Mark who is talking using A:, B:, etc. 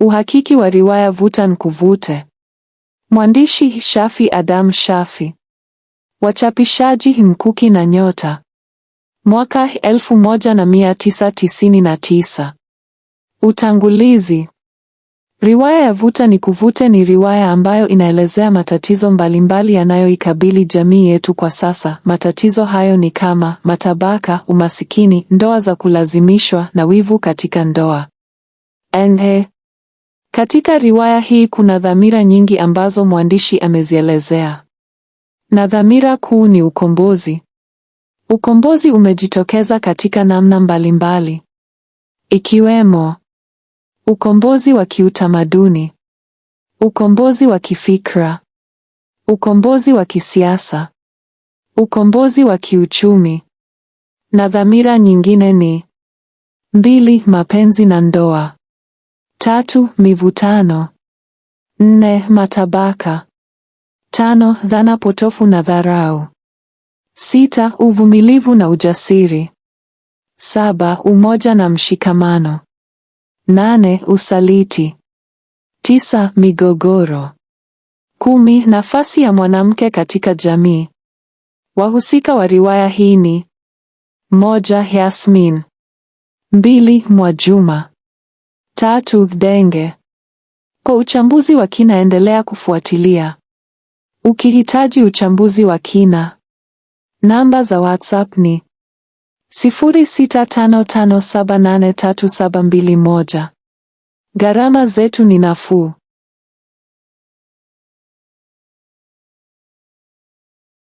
A: Uhakiki wa riwaya Vuta Nikuvute. Mwandishi Shafi Adam Shafi. Wachapishaji Mkuki na Nyota. Mwaka 1999. Utangulizi. Riwaya ya Vuta Nikuvute ni riwaya ambayo inaelezea matatizo mbalimbali yanayoikabili jamii yetu kwa sasa. Matatizo hayo ni kama matabaka, umasikini, ndoa za kulazimishwa na wivu katika ndoa. NA katika riwaya hii kuna dhamira nyingi ambazo mwandishi amezielezea, na dhamira kuu ni ukombozi. Ukombozi umejitokeza katika namna mbalimbali, ikiwemo ukombozi wa kiutamaduni, ukombozi wa kifikra, ukombozi wa kisiasa, ukombozi wa kiuchumi, na dhamira nyingine ni mbili, mapenzi na ndoa. Tatu, mivutano. Nne, matabaka. Tano, dhana potofu na dharau. Sita, uvumilivu na ujasiri. Saba, umoja na mshikamano. Nane, usaliti. Tisa, migogoro. Kumi, nafasi ya mwanamke katika jamii. Wahusika wa riwaya hii ni: moja, Yasmin; mbili, Mwajuma; Tatu, denge. Kwa uchambuzi wa kina endelea kufuatilia. Ukihitaji uchambuzi wa kina, namba za WhatsApp ni 0655783721. Gharama zetu ni nafuu.